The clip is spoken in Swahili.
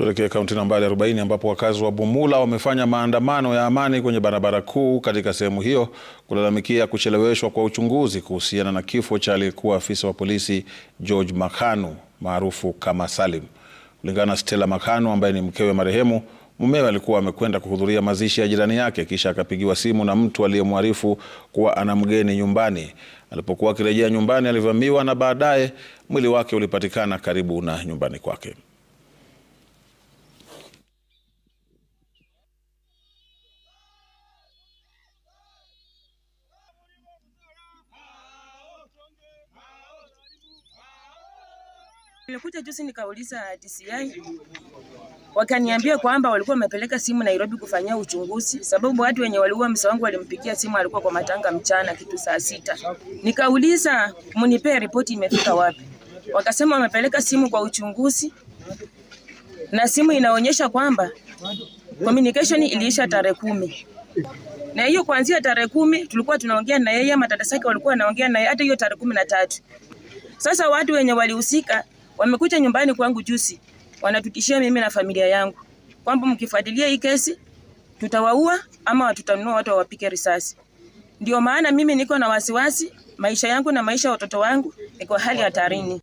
Tuelekee kaunti nambari 40 ambapo wakazi wa Bumula wamefanya maandamano ya amani kwenye barabara kuu katika sehemu hiyo kulalamikia kucheleweshwa kwa uchunguzi kuhusiana na kifo cha aliyekuwa afisa wa polisi George Makhanu maarufu kama Salim. Kulingana na Stella Makhanu ambaye ni mkewe marehemu, mumewe alikuwa amekwenda kuhudhuria mazishi ya jirani yake kisha akapigiwa simu na mtu aliyemwarifu kuwa ana mgeni nyumbani. Alipokuwa akirejea nyumbani, alivamiwa na baadaye mwili wake ulipatikana karibu na nyumbani kwake. Nilikuja juzi nikauliza DCI wakaniambia kwamba walikuwa wamepeleka simu Nairobi kufanyia uchunguzi, sababu watu wenye waliua msa wangu walimpigia simu, alikuwa kwa matanga mchana kitu saa sita. Nikauliza mnipe ripoti imefika wapi, wakasema wamepeleka simu kwa uchunguzi, na simu inaonyesha kwamba communication iliisha tarehe kumi na hiyo kuanzia tarehe kumi tulikuwa tunaongea na yeye, matata zake walikuwa wanaongea na yeye hata hiyo tarehe kumi na tatu. Sasa watu wenye walihusika Wamekuja nyumbani kwangu juzi, wanatutishia mimi na familia yangu kwamba mkifuatilia hii kesi tutawaua ama tutanunua watu wawapike risasi. Ndio maana mimi niko na wasiwasi maisha yangu na maisha ya watoto wangu, niko hali hatarini.